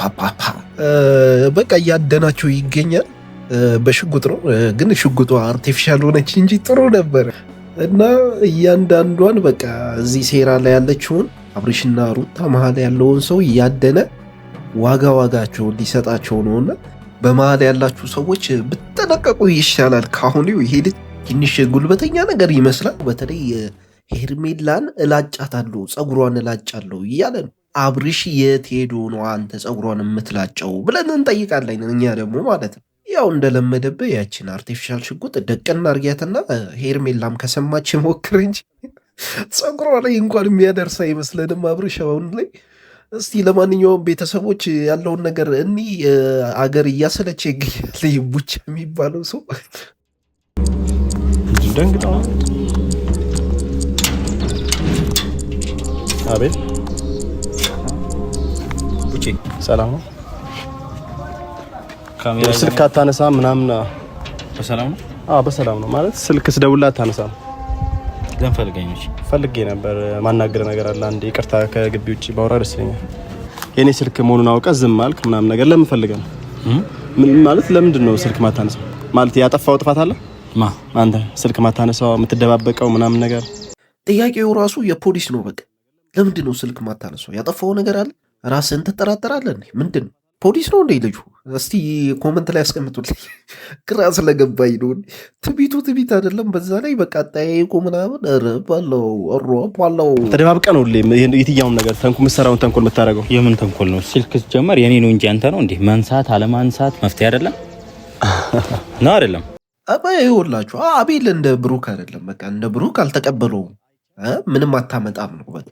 ፓፓፓ በቃ እያደናቸው ይገኛል። በሽጉጥ ነው ግን ሽጉጧ አርቲፊሻል ሆነች እንጂ ጥሩ ነበር። እና እያንዳንዷን በቃ እዚህ ሴራ ላይ ያለችውን አብርሽና ሩታ መሀል ያለውን ሰው እያደነ ዋጋ ዋጋቸውን ሊሰጣቸው ነውና በመሀል ያላችሁ ሰዎች ብጠነቀቁ ይሻላል። ከአሁኑ ይሄ ትንሽ ጉልበተኛ ነገር ይመስላል። በተለይ ሄርሜላን እላጫታለሁ፣ ፀጉሯን እላጫለሁ እያለ ነው። አብርሽ የት ሄዶ ነው አንተ ፀጉሯን የምትላጨው ብለን እንጠይቃለን። እኛ ደግሞ ማለት ነው ያው እንደለመደብህ ያችን አርቲፊሻል ሽጉጥ ደቅና እርጊያትና ሄርሜላም ከሰማች ሞክር እንጂ ፀጉሯ ላይ እንኳን የሚያደርስ አይመስለንም አብርሽ አሁን ላይ። እስቲ ለማንኛውም ቤተሰቦች ያለውን ነገር እኒ አገር እያሰለች ይገኛል። ቡቻ የሚባለው ሰው ደንግጣ አቤት ቁጭ ሰላም ነው። ካሜራ ስልክ አታነሳ ምናምን። በሰላም ነው? አዎ በሰላም ነው። ማለት ስልክ ስደውላ አታነሳ ለምን እሺ ፈልጌ ነበር። ማናገር ነገር አለ አንዴ ይቅርታ፣ ከግቢ ውጭ ባወራ ደስ ይለኛል። የኔ ስልክ መሆኑን አውቀ ዝም አልክ ምናምን ነገር ለምን ነው? ምን ማለት ለምንድን ነው ስልክ ማታነሳው? ማለት ያጠፋው ጥፋት አለ ማ አንተ ስልክ ማታነሳው የምትደባበቀው ምናምን ነገር። ጥያቄው ራሱ የፖሊስ ነው። በቃ ለምንድን ነው ስልክ ማታነሳው? ያጠፋው ነገር አለ ራስን ትጠራጠራለን። ምንድን ፖሊስ ነው እንዴ ልጁ? እስቲ ኮመንት ላይ ያስቀምጡልኝ። ግራ ስለገባኝ ነው። ትቢቱ ትቢት አይደለም። በዛ ላይ በቃ ጠያይቁ ምናምን ርባለው ሮባለው ተደባብቀ ነው የትኛውም ነገር ተንኮል ምሰራውን ተንኮል የምታደርገው የምን ተንኮል ነው? ስልክ ስጀመር የኔ ነው እንጂ አንተ ነው እንዴ? መንሳት አለማንሳት መፍትሄ አይደለም ነው አይደለም? ይኸውላችሁ አቤል እንደ ብሩክ አይደለም። በቃ እንደ ብሩክ አልተቀበለውም። ምንም አታመጣም ነው በቃ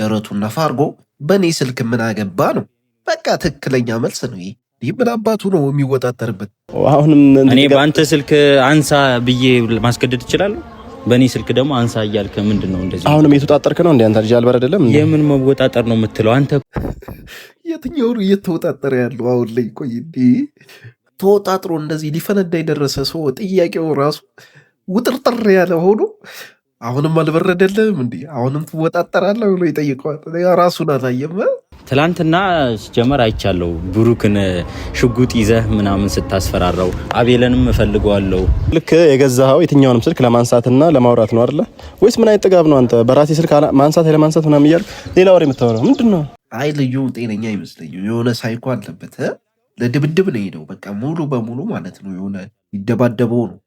ደረቱን ነፋ አድርጎ በእኔ ስልክ ምን አገባ ነው። በቃ ትክክለኛ መልስ ነው ይሄ። ይህ ምን አባቱ ነው የሚወጣጠርበት? አሁንም እኔ በአንተ ስልክ አንሳ ብዬ ማስገደድ ይችላል። በእኔ ስልክ ደግሞ አንሳ እያልክ ምንድን ነው እንደዚህ? አሁንም የተወጣጠርክ ነው እንደ አንተ ልጅ አልበር አይደለም። የምን መወጣጠር ነው የምትለው አንተ? የትኛው እየተወጣጠረ ያለው አሁን ላይ? ቆይ ተወጣጥሮ እንደዚህ ሊፈነዳ የደረሰ ሰው ጥያቄው ራሱ ውጥርጥር ያለ ሆኖ አሁንም አልበረደልህም እንዲ አሁንም ትወጣጠራለህ ብሎ ይጠይቀዋል። ራሱን አላየም። ትላንትና ሲጀመር አይቻለሁ ብሩክን ሽጉጥ ይዘህ ምናምን ስታስፈራራው፣ አቤለንም እፈልገዋለሁ። ልክ የገዛኸው የትኛውንም ስልክ ለማንሳትና ለማውራት ነው አይደለ? ወይስ ምን አይነት ጥጋብ ነው? አንተ በራሴ ስልክ ማንሳት ለማንሳት ምናምን እያልክ ሌላ ወሬ የምታወራው ምንድን ነው? አይ ልዩ ጤነኛ አይመስለኝም። የሆነ ሳይኮ አለበት። ለድብድብ ነው ሄደው፣ በቃ ሙሉ በሙሉ ማለት ነው። የሆነ ይደባደበው ነው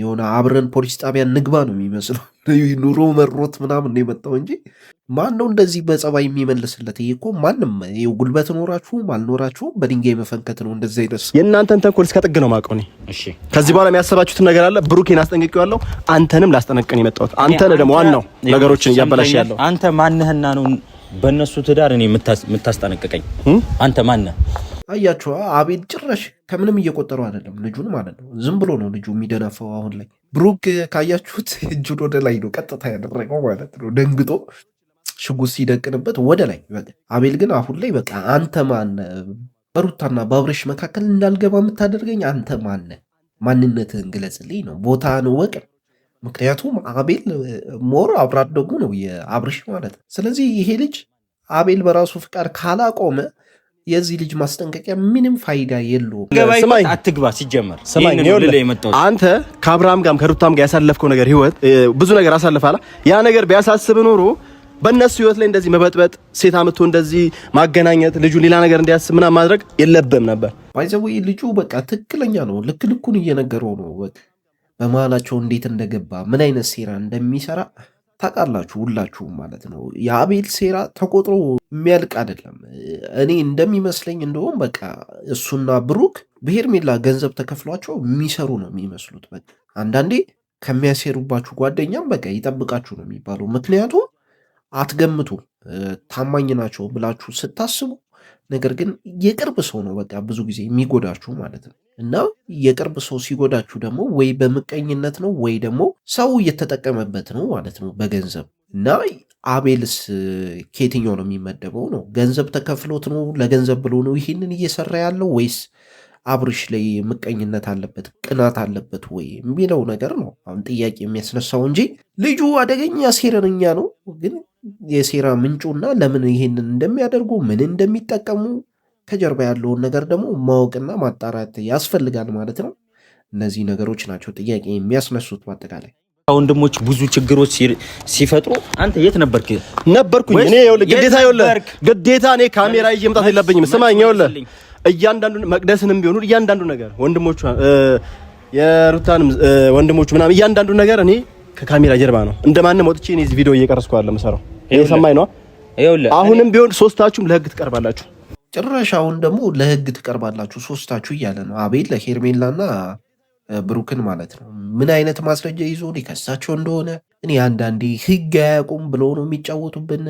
የሆነ አብረን ፖሊስ ጣቢያ ንግባ ነው የሚመስለው። ኑሮ መሮት ምናምን የመጣው እንጂ ማን ነው እንደዚህ በጸባይ የሚመልስለት? ይሄ እኮ ማንም ጉልበት ኖራችሁም አልኖራችሁም በድንጋይ መፈንከት ነው። እንደዚህ አይነት የእናንተን ተንኮል እስከ ጥግ ነው ማቀው። ከዚህ በኋላ የሚያሰባችሁትን ነገር አለ። ብሩኬን አስጠንቅቄዋለሁ። አንተንም ላስጠነቅቅን የመጣሁት አንተ ደግሞ ዋናው ነገሮችን እያበላሽ ያለው አንተ ማንህና ነው በእነሱ ትዳር እኔ የምታስጠነቅቀኝ አንተ ማነህ? አያቸው አቤል ጭራሽ ከምንም እየቆጠሩ አይደለም ልጁን ማለት ነው። ዝም ብሎ ነው ልጁ የሚደነፈው። አሁን ላይ ብሩክ ካያችሁት እጁን ወደ ላይ ነው ቀጥታ ያደረገው ማለት ነው። ደንግጦ ሽጉጥ ሲደቅንበት ወደ ላይ አቤል ግን አሁን ላይ በቃ አንተ ማነ በሩታና በአብረሽ መካከል እንዳልገባ የምታደርገኝ አንተ ማነ? ማንነትህን ግለጽልኝ ነው ቦታን ወቅ ምክንያቱም አቤል ሞር አብራደጉ ነው የአብርሽ ማለት ነው። ስለዚህ ይሄ ልጅ አቤል በራሱ ፍቃድ ካላቆመ የዚህ ልጅ ማስጠንቀቂያ ምንም ፋይዳ የለውም። ስማኝ አትግባ። ሲጀመር አንተ ከአብርሃም ጋርም ከሩታም ጋር ያሳለፍከው ነገር ህይወት ብዙ ነገር አሳልፋላ። ያ ነገር ቢያሳስብ ኖሮ በእነሱ ህይወት ላይ እንደዚህ መበጥበጥ፣ ሴት አምቶ እንደዚህ ማገናኘት፣ ልጁ ሌላ ነገር እንዲያስብ ምናምን ማድረግ የለብም ነበር። ባይዘው ልጁ በቃ ትክክለኛ ነው። ልክ ልኩን እየነገረው ነው። በመሀላቸው እንዴት እንደገባ ምን አይነት ሴራ እንደሚሰራ ታውቃላችሁ ሁላችሁም ማለት ነው። የአቤል ሴራ ተቆጥሮ የሚያልቅ አይደለም። እኔ እንደሚመስለኝ እንደውም በቃ እሱና ብሩክ ሜላ ገንዘብ ተከፍሏቸው የሚሰሩ ነው የሚመስሉት። በቃ አንዳንዴ ከሚያሴሩባችሁ ጓደኛም በቃ ይጠብቃችሁ ነው የሚባለው። ምክንያቱም አትገምቱ ታማኝ ናቸው ብላችሁ ስታስቡ ነገር ግን የቅርብ ሰው ነው በቃ ብዙ ጊዜ የሚጎዳችሁ ማለት ነው። እና የቅርብ ሰው ሲጎዳችሁ ደግሞ ወይ በምቀኝነት ነው ወይ ደግሞ ሰው እየተጠቀመበት ነው ማለት ነው በገንዘብ እና አቤልስ ከየትኛው ነው የሚመደበው? ነው ገንዘብ ተከፍሎት ነው ለገንዘብ ብሎ ነው ይህንን እየሰራ ያለው ወይስ አብርሽ ላይ ምቀኝነት አለበት፣ ቅናት አለበት ወይ የሚለው ነገር ነው አሁን ጥያቄ የሚያስነሳው እንጂ ልጁ አደገኛ ሴረነኛ ነው ግን የሴራ ምንጩና ለምን ይሄንን እንደሚያደርጉ ምን እንደሚጠቀሙ ከጀርባ ያለውን ነገር ደግሞ ማወቅና ማጣራት ያስፈልጋል ማለት ነው። እነዚህ ነገሮች ናቸው ጥያቄ የሚያስነሱት። በአጠቃላይ ወንድሞች ብዙ ችግሮች ሲፈጥሩ አንተ የት ነበርክ? ነበርኩኝ እኔ ግዴታ ግዴታ እኔ ካሜራ ይዤ መምጣት የለብኝም። ስማኝ እያንዳንዱ መቅደስንም ቢሆኑ እያንዳንዱ ነገር ወንድሞቹ የሩታን ወንድሞቹ ምናምን እያንዳንዱ ነገር እኔ ከካሜራ ጀርባ ነው እንደማንም ወጥቼ እኔ እዚህ ቪዲዮ እየቀረስኩ አለ መሰራው እየሰማኝ ነው። አሁንም ቢሆን ሶስታችሁም ለህግ ትቀርባላችሁ። ጭራሽ አሁን ደግሞ ለህግ ትቀርባላችሁ ሶስታችሁ እያለ ነው አቤል ሄርሜላና ብሩክን ማለት ነው። ምን አይነት ማስረጃ ይዞ ሊከሳቸው እንደሆነ እኔ አንዳንዴ ህግ አያውቁም ብሎ ነው የሚጫወቱብን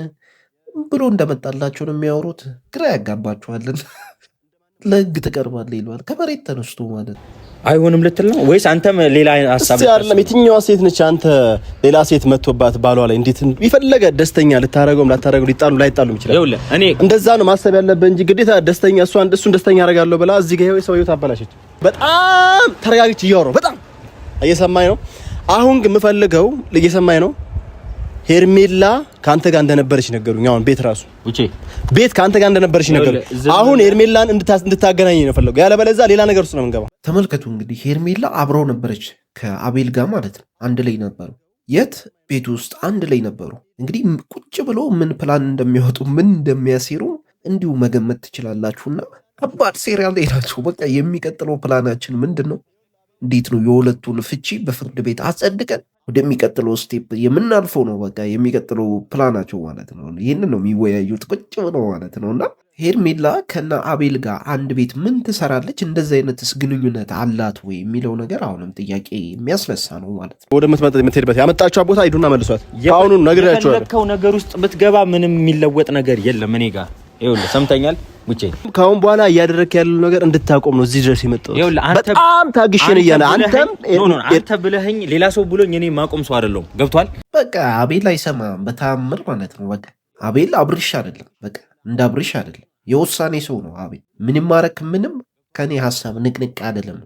ብሎ እንደመጣላቸው ነው የሚያወሩት። ግራ ያጋባችኋልን? ለህግ ትቀርባለህ ይለዋል። ከመሬት ተነስቶ ማለት አይሆንም ልትል ነው ወይስ አንተም ሌላ ሀሳብ? አይደለም የትኛዋ ሴት ነች? አንተ ሌላ ሴት መጥቶባት ባሏ ላይ እንዴት ይፈለገ ደስተኛ ልታረገውም ላታረገው ሊጣሉ ላይጣሉ ይችላል። እኔ እንደዛ ነው ማሰብ ያለበት እንጂ ግዴታ ደስተኛ እሷን እሱን ደስተኛ አደርጋለሁ ብላ እዚህ ጋር ሰውዬው ታበላሸች። በጣም ተረጋግች። እያወራሁ በጣም እየሰማኝ ነው። አሁን ግን የምፈልገው እየሰማኝ ነው ሄርሜላ ከአንተ ጋር እንደነበረች ነገሩኝ። አሁን ቤት ራሱ ቤት ከአንተ ጋር እንደነበረች ነገሩኝ። አሁን ሄርሜላን እንድታገናኝ ነው የፈለገው፣ ያለበለዚያ ሌላ ነገር ውስጥ ነው የምንገባው። ተመልከቱ እንግዲህ ሄርሜላ አብረው ነበረች ከአቤል ጋር ማለት ነው። አንድ ላይ ነበሩ። የት ቤት ውስጥ አንድ ላይ ነበሩ። እንግዲህ ቁጭ ብሎ ምን ፕላን እንደሚያወጡ ምን እንደሚያሴሩ እንዲሁ መገመት ትችላላችሁና ከባድ ሴሪያል ላይ ናቸው። በቃ የሚቀጥለው ፕላናችን ምንድን ነው? እንዴት ነው የሁለቱን ፍቺ በፍርድ ቤት አጸድቀን ወደሚቀጥለው ስቴፕ የምናልፈው ነው። በቃ የሚቀጥለው ፕላናቸው ማለት ነው። ይህንን ነው የሚወያዩት ቁጭ ብለው ማለት ነው። እና ሄርሜላ ከነ አቤል ጋር አንድ ቤት ምን ትሰራለች? እንደዚ አይነትስ ግንኙነት አላት ወይ የሚለው ነገር አሁንም ጥያቄ የሚያስነሳ ነው ማለት ነው። ወደ የምትሄድበት ያመጣቸው ቦታ ሂዱና መልሷት። አሁኑን ነግሬያቸዋለሁ። ነገር ውስጥ ብትገባ ምንም የሚለወጥ ነገር የለም። እኔ ጋር ይኸውልህ ሰምተኛል ብቻዬን ከአሁን በኋላ እያደረክ ያለው ነገር እንድታቆም ነው። እዚህ ድረስ የመጣሁት በጣም ታግሽን እያለ አንተ ብለኸኝ ሌላ ሰው ብሎኝ እኔ ማቆም ሰው አይደለሁም። ገብቷል። በቃ አቤል አይሰማም በታምር ማለት ነው። በቃ አቤል አብርሽ አይደለም። በቃ እንደ አብርሽ አይደለም። የውሳኔ ሰው ነው አቤል። ምንም ማረክ ምንም ከኔ ሀሳብ ንቅንቅ አይደለም።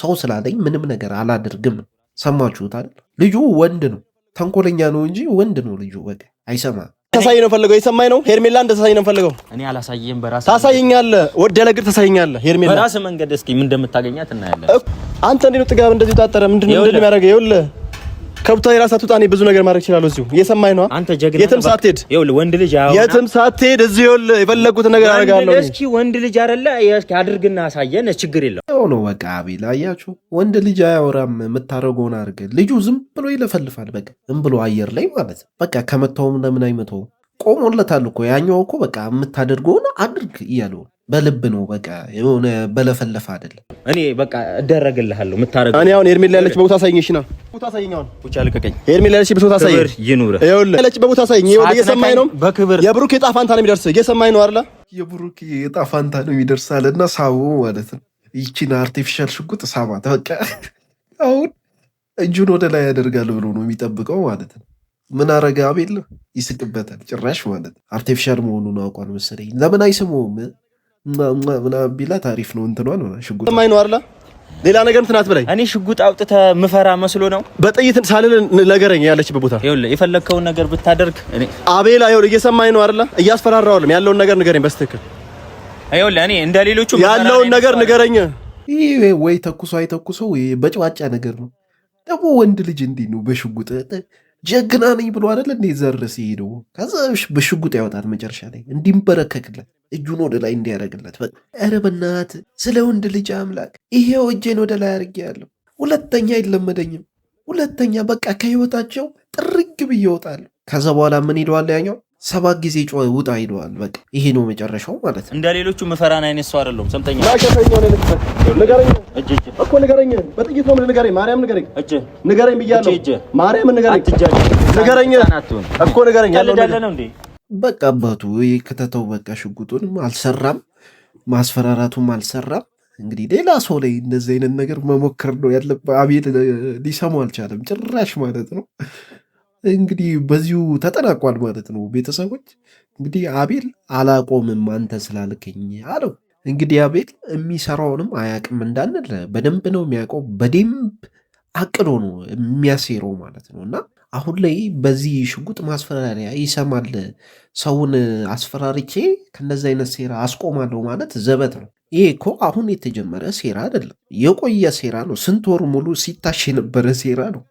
ሰው ስላለኝ ምንም ነገር አላደርግም። ሰማችሁት አይደል? ልጁ ወንድ ነው። ተንኮለኛ ነው እንጂ ወንድ ነው ልጁ። በቃ አይሰማም እንድታሳይ ነው ፈልገው። የሰማኝ ነው ሄርሜላ እንድታሳይ ነው ፈልገው። እኔ አላሳይም። በራስ ታሳይኛለህ፣ ወደ ለግር ታሳይኛለህ። ሄርሜላ በራስ መንገድ እስኪ ምን እንደምታገኛት እናያለን። አንተ እንዴት ነው ጥጋብ እንደዚህ ታጠረ ምንድነው እንደሚያደርገው ይኸውልህ ከብቷ የራሳ ትውጣ። እኔ ብዙ ነገር ማድረግ እችላለሁ። እዚሁ እየሰማኝ ነው። አንተ ጀግና የትም ሳትሄድ ይኸውልህ፣ ወንድ ልጅ አሁን የትም ሳትሄድ እዚሁ ይኸውልህ፣ የፈለጉትን ነገር አደርጋለሁ። እስኪ ወንድ ልጅ አይደለ አድርግና አሳየን፣ ችግር የለም ነው። በቃ አቤል፣ አያችሁ ወንድ ልጅ አያወራም። የምታደርገውን አድርገህ ልጁ ዝም ብሎ ይለፈልፋል። በቃ ዝም ብሎ አየር ላይ ማለት በቃ ከመታውም ለምን አይመታውም? ቆሞለታል እኮ ያኛው እኮ በቃ የምታደርገውን አድርግ እያለው በልብ ነው። በቃ የሆነ በለፈለፈ አይደለም። እኔ በቃ እደረግልሃለሁ የምታደርገው እኔ አሁን ኤርሜላ ያለች በቦታ ሳይኝ እሺ ቦታ ብቻ ልቀቀኝ። ያለች በቦታ ያለች በቦታ ይኸውልህ፣ ነው። በክብር የብሩክ የዕጣ ፋንታ ነው ነው የብሩክ የዕጣ ፋንታ ነው ሳቡ ማለት ነው። ይቺን አርቲፊሻል ሽጉጥ ሳባት በቃ አሁን እጁን ወደ ላይ ያደርጋል ብሎ ነው የሚጠብቀው ማለት ነው። ምን አረገ አቤል? ይስቅበታል ጭራሽ ማለት አርቲፊሻል መሆኑን አውቋል መሰለኝ። ለምን አይስመውም ምናምን ቢላት አሪፍ ነው እንትኗል ሽጉጥ ማይ ነው አላ ሌላ ነገር እንትን አትበለኝ። እኔ ሽጉጥ አውጥተ ምፈራ መስሎ ነው። በጥይት ሳልል ነገረኝ ያለችበት ቦታ ይኸውልህ፣ የፈለግከውን ነገር ብታደርግ እኔ አቤላ፣ ይኸውልህ እየሰማኝ ነው አይደለ? እያስፈራራዋለም ያለውን ነገር ንገረኝ በስትክክል። ይኸውልህ እኔ እንደ ሌሎቹ ያለውን ነገር ንገረኝ። ይህ ወይ ተኩሶ አይተኩሶ በጨዋጫ ነገር ነው ደግሞ ወንድ ልጅ እንዲህ ነው በሽጉጥ ጀግና ነኝ ብሎ አደለ እንዴ ዘር ሲሄዱ ከዛ በሽጉጥ ያወጣል መጨረሻ ላይ እንዲንበረከክለት እጁን ወደ ላይ እንዲያደረግለት ኧረ ስለ ወንድ ልጅ አምላክ ይሄ እጄን ወደ ላይ ያለው ሁለተኛ አይለመደኝም ሁለተኛ በቃ ከህይወታቸው ጥርግ ብዬ እወጣለሁ ከዛ በኋላ ምን ይለዋል ያኛው ሰባት ጊዜ ውጣ ይለዋል። በቃ ይሄ ነው መጨረሻው ማለት ነው። እንደ ሌሎቹ መፈራን አይነት ሰው አይደለም። ሰምተኛ በቃ አባቱ ከተተው በቃ ሽጉጡንም አልሰራም፣ ማስፈራራቱም አልሰራም። እንግዲህ ሌላ ሰው ላይ እንደዚህ አይነት ነገር መሞከር ነው ያለ። አቤል ሊሰማው አልቻለም ጭራሽ ማለት ነው። እንግዲህ በዚሁ ተጠናቋል ማለት ነው። ቤተሰቦች እንግዲህ አቤል አላቆምም አንተ ስላልከኝ አለው። እንግዲህ አቤል የሚሰራውንም አያቅም እንዳንል በደንብ ነው የሚያውቀው። በደንብ አቅዶ ነው የሚያሴረው ማለት ነው። እና አሁን ላይ በዚህ ሽጉጥ ማስፈራሪያ ይሰማል። ሰውን አስፈራርቼ ከነዚ አይነት ሴራ አስቆማለሁ ማለት ዘበት ነው። ይሄ እኮ አሁን የተጀመረ ሴራ አይደለም፣ የቆየ ሴራ ነው። ስንት ወር ሙሉ ሲታሽ የነበረ ሴራ ነው።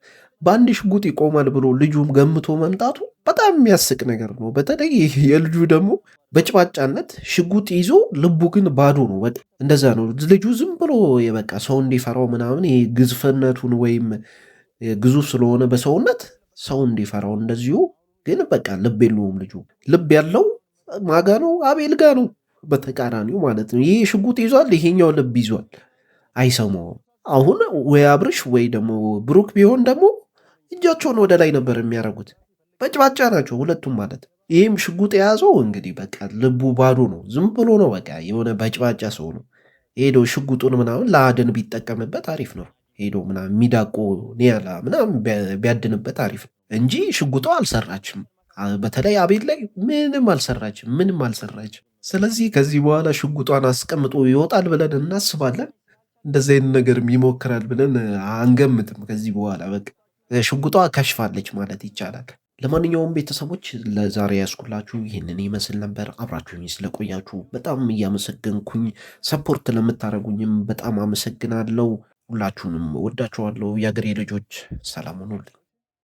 በአንድ ሽጉጥ ይቆማል ብሎ ልጁም ገምቶ መምጣቱ በጣም የሚያስቅ ነገር ነው። በተለይ የልጁ ደግሞ በጭባጫነት ሽጉጥ ይዞ ልቡ ግን ባዶ ነው። በቃ እንደዛ ነው ልጁ ዝም ብሎ የበቃ ሰው እንዲፈራው ምናምን ይሄ ወይም ግዙፍ ስለሆነ በሰውነት ሰው እንዲፈራው እንደዚሁ ግን በቃ ልብ የለውም ልጁ። ልብ ያለው ማጋ ነው አቤል ጋ ነው በተቃራኒው ማለት ነው። ይህ ሽጉጥ ይዟል፣ ይሄኛው ልብ ይዟል፣ አይሰማውም። አሁን ወይ አብርሽ ወይ ደግሞ ብሩክ ቢሆን ደግሞ እጃቸውን ወደ ላይ ነበር የሚያደርጉት። በጭባጫ ናቸው ሁለቱም ማለት ይህም ሽጉጥ የያዘው እንግዲህ በቃ ልቡ ባዶ ነው። ዝም ብሎ ነው በቃ የሆነ በጭባጫ ሰው ነው። ሄዶ ሽጉጡን ምናምን ለአድን ቢጠቀምበት አሪፍ ነው። ሄዶ ምናምን የሚዳቆ ኒያላ ምናምን ቢያድንበት አሪፍ ነው እንጂ ሽጉጦ አልሰራችም። በተለይ አቤት ላይ ምንም አልሰራችም፣ ምንም አልሰራችም። ስለዚህ ከዚህ በኋላ ሽጉጧን አስቀምጦ ይወጣል ብለን እናስባለን። እንደዚህ አይነት ነገርም ይሞክራል ብለን አንገምትም ከዚህ በኋላ በቃ ሽጉጧ ከሽፋለች ማለት ይቻላል። ለማንኛውም ቤተሰቦች ለዛሬ ያስኩላችሁ ይህንን ይመስል ነበር። አብራችሁኝ ስለቆያችሁ በጣም እያመሰገንኩኝ፣ ሰፖርት ለምታደርጉኝም በጣም አመሰግናለሁ። ሁላችሁንም ወዳችኋለሁ። የአገሬ ልጆች ሰላም ሁኑልኝ።